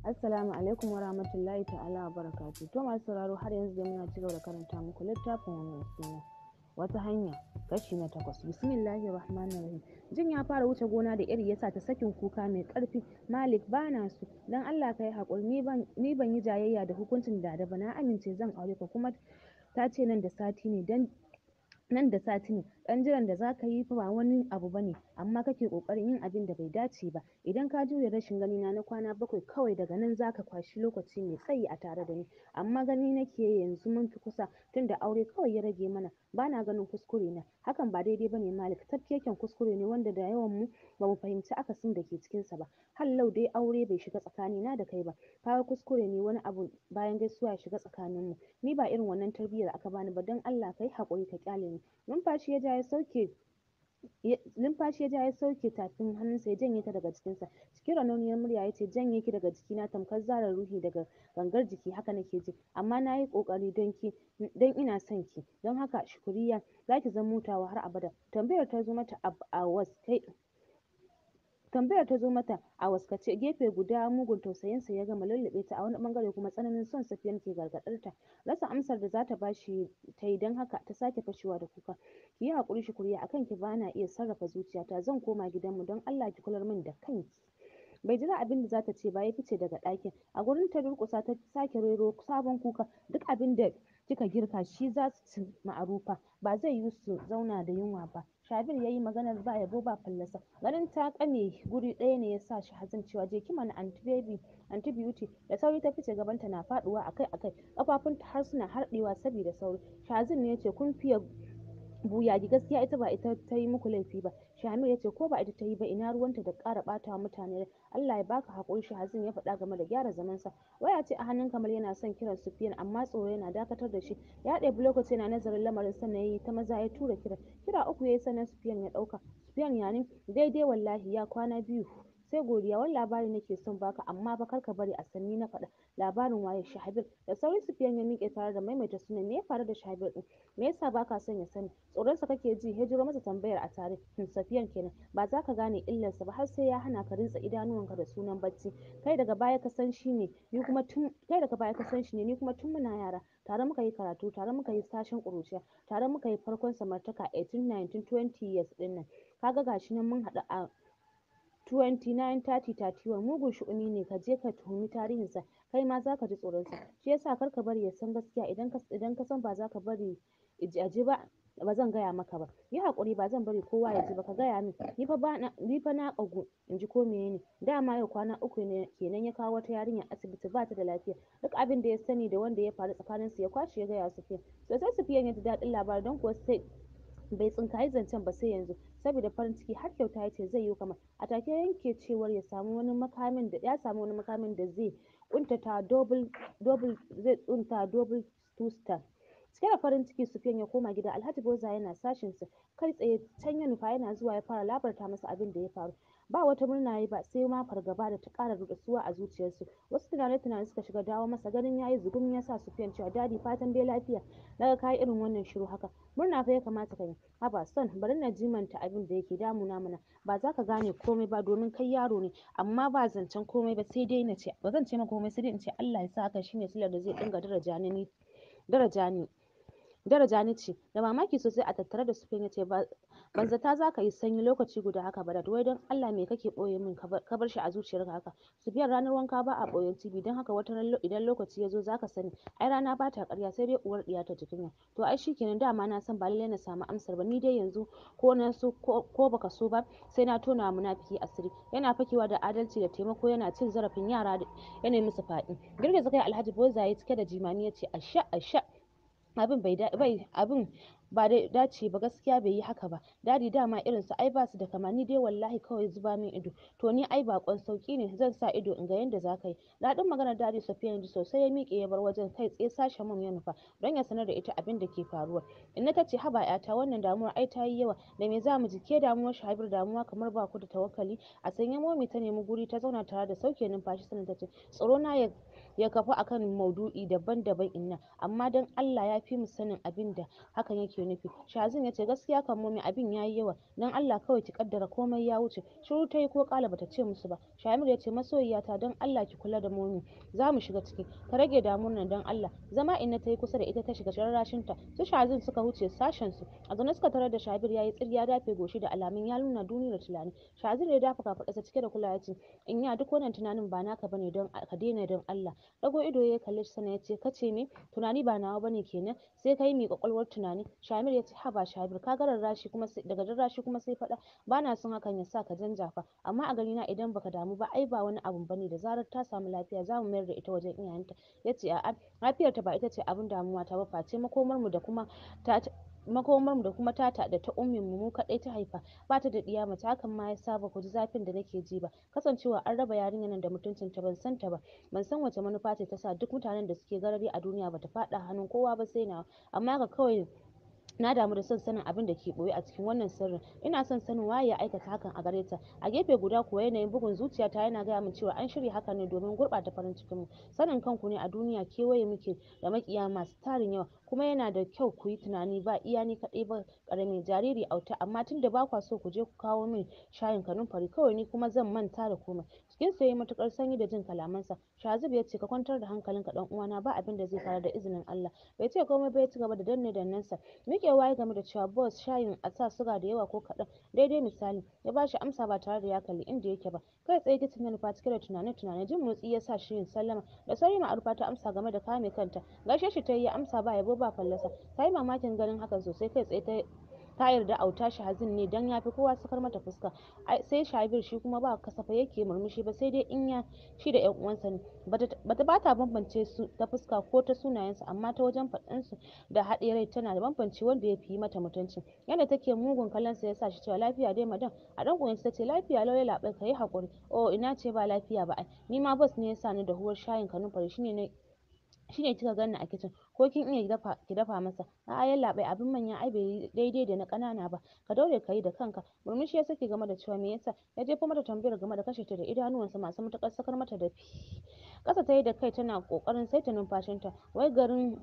Assalamu alaikum warahmatullahi ta'ala barakatu. To masu sauraro har yanzu da muna cigaba da karanta muku littafin wannan suna. Wata hanya kashi na takwas. bismillahi rahmanir rahim. Jin ya fara wuce gona da iri yasa ta sakin kuka mai karfi. Malik bana su dan Allah kai hakuri ni ban ni ban yi jayayya da hukuncin da da na amince zan aure ka kuma ta ce nan da sati ne dan nan da sati ne ɗan jiran da zaka yi fa ba wani abu bane amma kake ƙoƙarin yin abin da bai dace ba idan ka jure rashin gani na na kwana bakwai kawai daga nan zaka kwashi lokaci mai tsayi a tare da ni amma gani nake yanzu mun fi kusa tunda aure kawai ya rage mana bana ganin kuskure na hakan ba daidai bane Malik tafkeken kuskure ne wanda da yawan mu bamu fahimci akasin da ke cikin sa ba lau dai aure bai shiga tsakani na da kai ba Kawai kuskure ne wani abu bayan gaisuwa ya shiga tsakanin mu ni ba irin wannan tarbiyyar aka bani ba don Allah kai hakuri ka kyale ni shi numfashi ya ja ya sauke numfashi ya ja ya sauke tafin hannunsa ya janye ta daga cikinsa. cikin ranauniyar murya ya ce janye ki daga jikina tamkar zarar ruhi daga gangar jiki haka nake ji amma na yi kokari don ki don ina son ki don haka shukuriya za ki zama mutawa har abada tambayar ta zo mata a was kai tambayar ta zo mata a waskace gefe guda mugun tausayinsa ya gama lullube ta a wani bangare kuma tsananin son safiyan ke gargadar ta rasa amsar da zata bashi ta yi don haka ta sake fashewa da kuka ki yi hakuri shukuriya akan ki bana iya sarrafa zuciyata zan koma gidanmu don Allah ki kular min da kanki bai jira abin da zata ce ba ya fice daga ɗakin a gurin ta durƙusa ta sake rero sabon kuka duk abin da kika girka shi za su ci ma'arufa ba zai yi su zauna da yunwa ba Shabir ya yi maganar ba yabo ba fallasa ganin ta kane guri ɗaya ne ya sa shi hazin cewa je kima na anti beauty da sauri ta fice gabanta na faɗuwa akai akai ta har suna harɗewa saboda sauri shazin ne ya ce kun fiye buyagi gaskiya ita ba ita ta yi muku laifi ba Shamil ya ce ko ba ita ta yi ba ina ruwanta da ƙara ɓata mutane Allah ya baka haƙuri Shahazin ya faɗa game da gyara zamansa. Waya ce a hannun kamar yana son kiran Sufiyan amma tsoro yana dakatar da shi. Ya ɗebi lokaci yana nazarin lamarin sannan ya ta maza ya tura kira. Kira uku ya yi sannan Sufiyan ya ɗauka. Sufiyan ni daidai wallahi ya kwana biyu. sai godiya wani labari nake son baka amma fa kar ka bari a san na faɗa labarin waye shahabir da sauri sufiyan ya miƙe tare da maimaita sunan me ya faru da shahabir din me yasa baka son ya sani tsoron sa kake ji hijiro masa tambayar a tare hmm, safiyan kenan ba za ka gane illarsa ba har sai ya hana ka rintsa idanuwanka da sunan bacci kai daga baya ka san shi ne ni kuma tun kai daga baya ka san shi ne ni kuma tun muna yara tare muka yi karatu tare muka yi sashen ƙuruciya tare muka yi farkon samartaka 18 19 20 years din nan kaga gashi nan mun haɗu a 29, 30, 31 mugun shu'umi ne ka je ka tuhumi tarihinsa kai ma za ka ji tsoronsa shi yasa kar ka bari ya san gaskiya idan ka ka san ba za ka bari a ji ba ba zan gaya maka ba yi hakuri ba zan bari kowa ya ji ba ka gaya min ni fa na kagu in ji ko menene dama yau kwana uku ne kenan ya kawo wata yarinya asibiti ba ta da lafiya duk abin da ya sani da wanda ya faru tsakanin su ya kwashe ya gaya Sufiyan sosai Sufiyan ya ji daɗin labarin don kuwa sai bai tsinkayi zancen ba sai yanzu saboda farin ciki har kyauta ya ce zai yi kamar a take yanke cewar ya samu wani makamin da ya samu wani makamin da zai kuntata double double zai tsunta double two star cike da farin ciki su fiyan ya koma gida Alhaji Boza yana sashin sa kai tsaye can ya nufa yana zuwa ya fara labarta masa abin da ya faru Ba wata murna ya ba sai ma fargaba da ta ƙara rutsuwa a zuciyarsu. Wasu tunane-tunane suka shiga dawo masa ganin yayi yi zugun ya sa fiyan cewa dadi fatan dai lafiya. Daga kai irin wannan shiru haka. Murna fa ya kamata ka yi. Haba son bari na jimanta abin da yake damuna mana. Ba za ka gane komai ba domin kai yaro ne amma ba zancen komai ba sai dai na ce ba zan ce maka komai sai dai in ce Allah ya sa hakan shine silar da zai dinga daraja ni daraja ni. daraja ni ce da mamaki sosai a tattare da sufin yace ce zata za ka yi sanyi lokaci guda haka ba wai don Allah me kake boye min ka bar shi a zuciyarka haka su biyan ranar wanka ba a boyen TV don haka wata idan lokaci ya zo za ka sani ai rana ba ta ƙarya sai dai uwar ɗiya ta jikin to ai shikenan dama na san ba lallai na samu amsar ba ni dai yanzu ko na so ko baka so ba sai na tona munafiki asiri yana fakewa da adalci da taimako yana cin zarafin yara da yana musu faɗi girgiza kai Alhaji Boza ya cike da jimami ya ce asha asha abin bai bai abin ba dai dace ba gaskiya bai yi haka ba dadi dama irin su ai basu da kamani ni dai wallahi kawai zuba min ido to ni ai bakon sauki ne zan sa ido in ga yanda ka yi dadin maganar dadi Safiya ji sosai ya miƙe ya bar wajen kai tsaye sashen mum ya nufa don ya sanar da ita abin da ke faruwa inna tace haba yata wannan damuwar ai ta yi yawa da me za mu ji ke damuwar Shabir damuwa kamar ba ku da tawakkali a sanya momi ta nemi guri ta zauna tare da sauke numfashi sannan ce tsaro na ya ya kafu akan maudu'i daban-daban inna amma dan Allah ya fi mu sanin abinda hakan yake nufi Shazin ya ce gaskiya kan momi abin yayi yawa dan Allah kawai ki kaddara komai ya wuce shiru ta ko kala bata ce musu ba Shamir ya ce masoyiyata dan Allah ki kula da momi za mu shiga ciki ka rage damuwar nan dan Allah zama inna ta yi kusa da ita ta shiga rarrashin ta su Shazin suka huce sashen su a zaune suka tarar da Shabir yayi tsir ya dafe goshi da alamun ya nuna da tunani Shazir ya dafa kasa cike da kula ya ce in ya duk wannan tunanin ba naka bane don ka daina don Allah ɗago ido ya kalle shi sannan ya ce kace me tunani ba nawa bane kenan sai kai mai kwakwalwar tunani. shamir ya ce haba Shabir ka ga rarrashi kuma sai daga rarrashi kuma sai faɗa bana son hakan ya sa ka janjafa amma a na idan baka damu ba ai ba wani abun bane da zarar ta samu lafiya zamu mayar da ita wajen iyayenta. Ya ce a'a lafiyarta ba ita ce abin damuwa ta ba face makomar mu da kuma ta makomar da kuma tata da ta ummin mu kaɗai ta haifa ba ta da ɗiya mace hakan ma ya saba ku zafin da nake ji ba kasancewa an raba yarinya nan da mutuncin ta ban san ta ba ban san wace manufa ce ta sa duk mutanen da suke garari a duniya bata fada hannu kowa ba sai nawa amma haka kawai Na damu da son sanin abin da ke ɓoye a cikin wannan sirrin. Ina son sanin waye ya aikata hakan a gare ta. A gefe guda kuwa yanayin bugun zuciyata yana gaya min cewa an shirya hakan ne domin gurɓata farin cikin mu Sanin kanku ne a duniya kewaye muke da maƙiya masu tarin yawa kuma yana da kyau ku yi tunani ba iya ni kaɗai ba ƙaramin jariri auta amma tun ba kwa so ku je ku kawo min shayin kanumfari kawai ni kuma zan manta da komai. cikin ya matuƙar sanyi da jin kalamansa. Shazib ya ce ka kwantar da hankalinka ɗan uwana ba abin da zai faru da izinin Allah. Bai ce komai ba ya ci gaba da danne dannensa. Miƙe cewa ya game da cewa boss shayin a sa suga da yawa ko kaɗan daidai misali ya bashi amsa ba tare da ya kalli inda yake ba kai tsaye ta tunani fa cike da tunane tunane jin motsi ya sa shirin sallama da sauri arfa ta amsa game da kame kanta gaishe shi ta yi amsa ba yabo ba fallasa ta yi mamakin ganin hakan sosai kai tsaye ta ta yarda Auta hazin ne dan yafi kowa sakar mata fuska sai Shabir shi kuma ba kasafa yake murmushi ba sai dai in ya shi da yan uwansa ne bata bata bambance su ta fuska ko ta sunayensu amma ta wajen faɗan su da haɗe rai tana da bambance wanda ya fi mata mutunci yadda take mugun kallon sa yasa shi cewa lafiya dai madam a dan ta tace lafiya lauya labai kai hakuri oh ina ce ba lafiya ba ai ni ma boss ne yasa ni da huwar shayin kanumfari shine ne shine kika ganni a kicin ko kin iya ki dafa masa a'a yallaɓai abin manya ai bai daidai da na ƙanana ba ka daure ka yi da kanka murmushi ya saki game da cewa me yasa ya jefo mata tambayar game da kashe ta da idanuwansa masu matuƙar sakar mata da fi ƙasa ta yi da kai tana ƙoƙarin saita numfashinta wai garin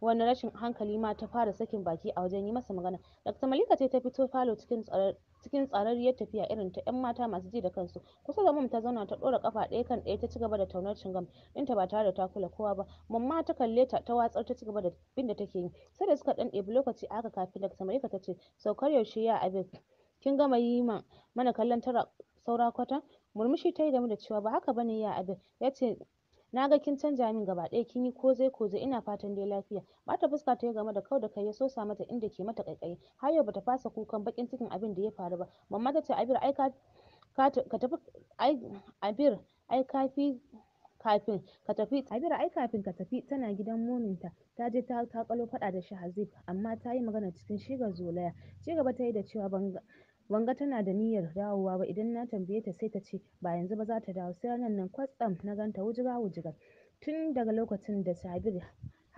wani rashin hankali ma ta fara sakin baki a wajen yi masa magana Dr. Malika ce ta fito falo cikin cikin tsararriyar tafiya irin ta 'yan mata masu ji da kansu kusa da mum ta zauna ta ɗora kafa ɗaya kan ɗaya ta cigaba da taunar cingam ɗinta ba tare da ta kula kowa ba mamma ta kalle ta ta watsar ta gaba da bin da take yi sai da suka ɗan ɗebi lokaci aka haka kafin Dr. Malika ta ce saukar yaushe ya abin kin gama yi mana kallon tara saura kwata murmushi ta yi game da cewa ba haka bane ya abin ya ce na ga kin canja min gaba ɗaya kin yi kozai koze ina fatan dai lafiya bata fuska ta tayi game da kau da kai ya sosa mata inda ke mata ƙaiƙayi har yau bata fasa kukan bakin cikin abin da ya faru ba mamma tace Abir ai ka tafi ai Abir ai kafi kafin ka tafi abir ai kafin ka tafi tana gidan mominta ta je ta ƙalo faɗa da hazib amma ta yi magana cikin shigar zolaya ci gaba ta yi da cewa ban wanga tana da niyyar dawowa ba idan na tambaye ta sai ta ce ba yanzu ba za ta dawo. Sai ranar nan kwatsam na ganta ta wujira Tun daga lokacin da Sabir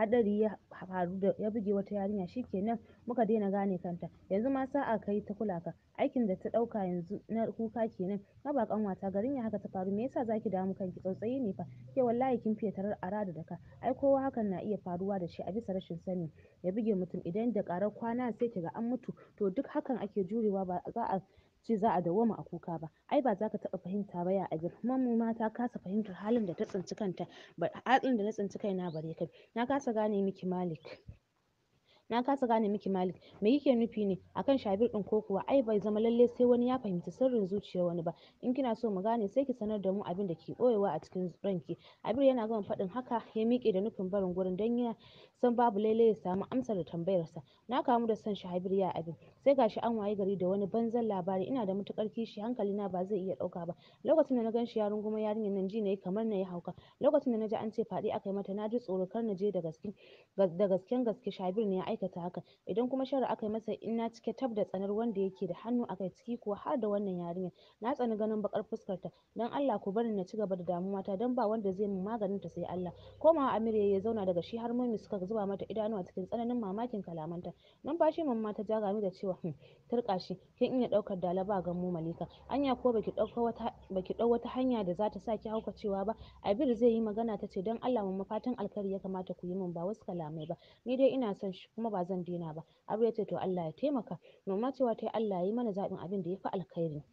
haɗari ya faru da ya buge wata yarinya shi shikenan muka daina gane kanta yanzu ma sa'a kai ta kula ka aikin da ta ɗauka yanzu na kuka kenan haba wata garin ya haka ta faru me yasa zaki damu kanki tsautsayi ne fa ke wallahi kin fiye tarar da ka ai kowa hakan na iya faruwa da shi a bisa rashin sani ya buge mutum idan da ƙarar kwana sai kiga an mutu to duk hakan ake jurewa ba za a ce za a dawwama a kuka ba ai ba za ka taɓa fahimta ba ya mu mata ta kasa fahimtar halin da ta tsinci kanta ba halin da na tsinci kaina bare kai na kasa gane miki malik na kasa gane miki malik me yake nufi ne akan shabir ɗin ko kuwa ai bai zama lalle sai wani ya fahimci sirrin zuciyar wani ba in kina so mu gane sai ki sanar da mu abin da ke boyewa a cikin ranki abir yana gama faɗin haka ya miƙe da nufin barin gurin dan ya san babu lallai ya samu amsar tambayarsa. Na kamu da son shi ya abin. Sai gashi an waye gari da wani banzan labari ina da matukar kishi hankalina ba zai iya ɗauka ba. Lokacin da na ganshi ya rungumo yarinyar nan ji nayi kamar nayi hauka. Lokacin da na ji an ce faɗi aka yi mata na ji tsoro kar na je da gaske da gasken gaske Shabir ne ya aikata haka. Idan kuma sharri aka yi masa na cike tab da tsanar wanda yake da hannu akai ciki kuwa har da wannan yarinyar. Na tsani ganin bakar fuskarta. Dan Allah ku bari na ci gaba da ta dan ba wanda zai min ta sai Allah. Komawa Amir ya zauna daga shi har mun suka zuba mata idanu a cikin tsananin mamakin kalamanta numfashi mamma ta ja gami da cewa hmm, turka shi kin iya daukar dala ba gammo malika anya ko baki dauko wata baki dauko wata hanya da za ta saki hauka cewa ba abir zai yi magana ta ce don Allah mamma fatan alkari ya kamata ku yi min ba wasu kalamai ba ni dai ina son shi kuma ba zan dina ba abu ya ce to Allah ya taimaka mamma cewa ta Allah ya yi mana zabin abin da ya fi alkhairi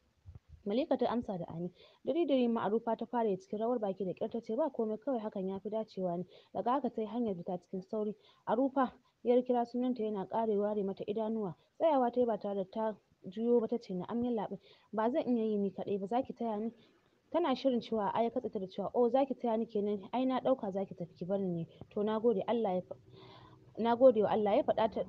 Malika ta amsa da Ami. Diri-diri ma'arufa ta fara cikin rawar baki da kyar ta ba komai kawai hakan ya fi dacewa ne. Daga haka ta yi hanyar fita cikin sauri. Arufa ya kira sunanta yana ƙara ware mata idanuwa. Tsayawa ta yi ba tare da ta juyo ba ta ce amin yallaɓai ba zan iya yi ni kaɗai ba za ki taya ni tana shirin cewa a ya katse ta da cewa o oh, za ki taya ni kenan ai na ɗauka za ki tafi ki bar ni ne to na gode Allah ya na gode wa Allah ya faɗa ta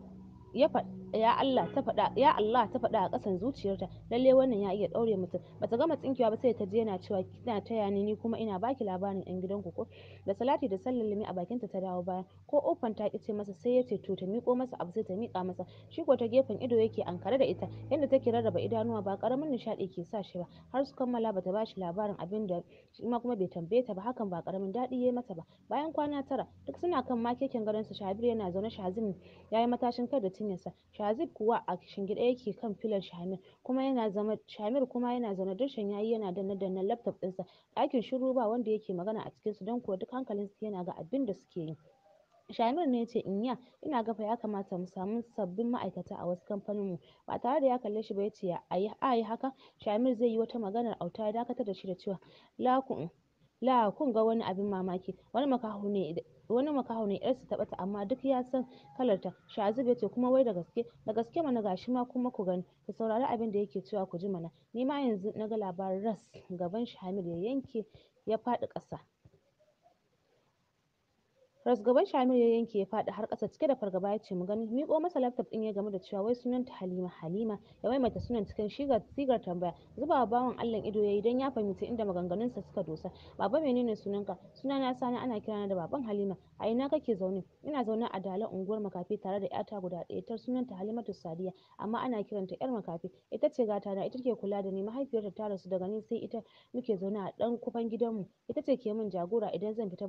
ya faɗa ya Allah ta faɗa a ƙasan zuciyarta lalle wannan ya iya ɗaure mutum ta gama tsinkewa ba sai ta je yana cewa kina taya ni ni kuma ina baki labarin yan ku ko da salati da sallallami a bakinta ta dawo baya ko ofan ta ce masa sai ya ce to ta miƙo masa abu sai ta miƙa masa shi ko ta gefen ido yake ankare da ita yadda take rarraba idanuwa ba ƙaramin nishaɗi ke sa shi ba har su kammala ba bata bashi labarin abin da shi ma kuma bai tambaye ta ba hakan ba ƙaramin daɗi yayi mata ba bayan kwana tara duk suna kan ma keken gadon Shabir yana zaune Shazim yi matashin kar da cinyarsa Shazib kuwa a shingiɗe yake kan filon Shamir kuma yana zaune dirshan yayi yana danna danna laptop ɗinsa, ɗakin shiru ba wanda yake magana a cikinsu don kuwa duk hankalinsu yana ga abin da suke yi. Shamir ne ya ce "Inya, ina ga ya kamata mu samu sabbin ma'aikata a wasu kamfanin mu ba tare da ya kalle shi ba ya ce "a yi haka?" Shamir zai yi wata maganar auta ya dakatar da shi da cewa "La La kun ga wani abin mamaki. Wani makaho ne wani makaho ne yarsa ta bata amma duk ya san kalarta. Sha'aib ya ce kuma wai da gaske, da gaske mana gashi ma kuma ku gani. Ku saurari abin da yake cewa ku ji mana. Ni ma yanzu na ga labarin ras. Gaban shi ya yanke ya faɗi ƙasa. Rasgaban Shamil ya yanke ya fadi har kasa cike da fargaba ya ce mu gani miƙo masa laptop din ya game da cewa wai ta Halima Halima ya maimaita sunan cikin shiga sigar tambaya zuba bawan Allah ido yayi dan ya fahimci inda maganganunsa suka dosa baba menene sunanka sunana Sani ana kirana da baban Halima A ina kake zaune? Ina zaune a Dala unguwar makafi tare da yata guda ɗaya tar sunanta Halimatu Sadiya amma ana kiranta ƴar makafi. Ita ce gata na ita ke kula da ni, mahaifiyarta ta rasu daga ni sai ita muke zaune a ɗan kufan gidanmu. Ita ce ke min jagora idan zan fita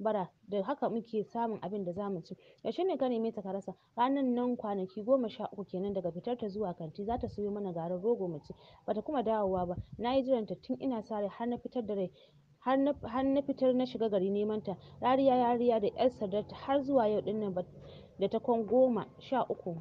bara da haka muke samun abin da zamu ci. Yaushe ne ka neme ta ka rasa? Ranan nan kwanaki goma sha uku kenan daga fitar ta zuwa kanti zata ta sayo mana garin rogo mu ci, bata kuma dawowa ba. Na yi jiranta tun ina sare har na fitar da rai har na fitar na shiga gari neman ta rariya rariya da ƴar sadarta har zuwa yau ɗinnan da ta kwan goma sha uku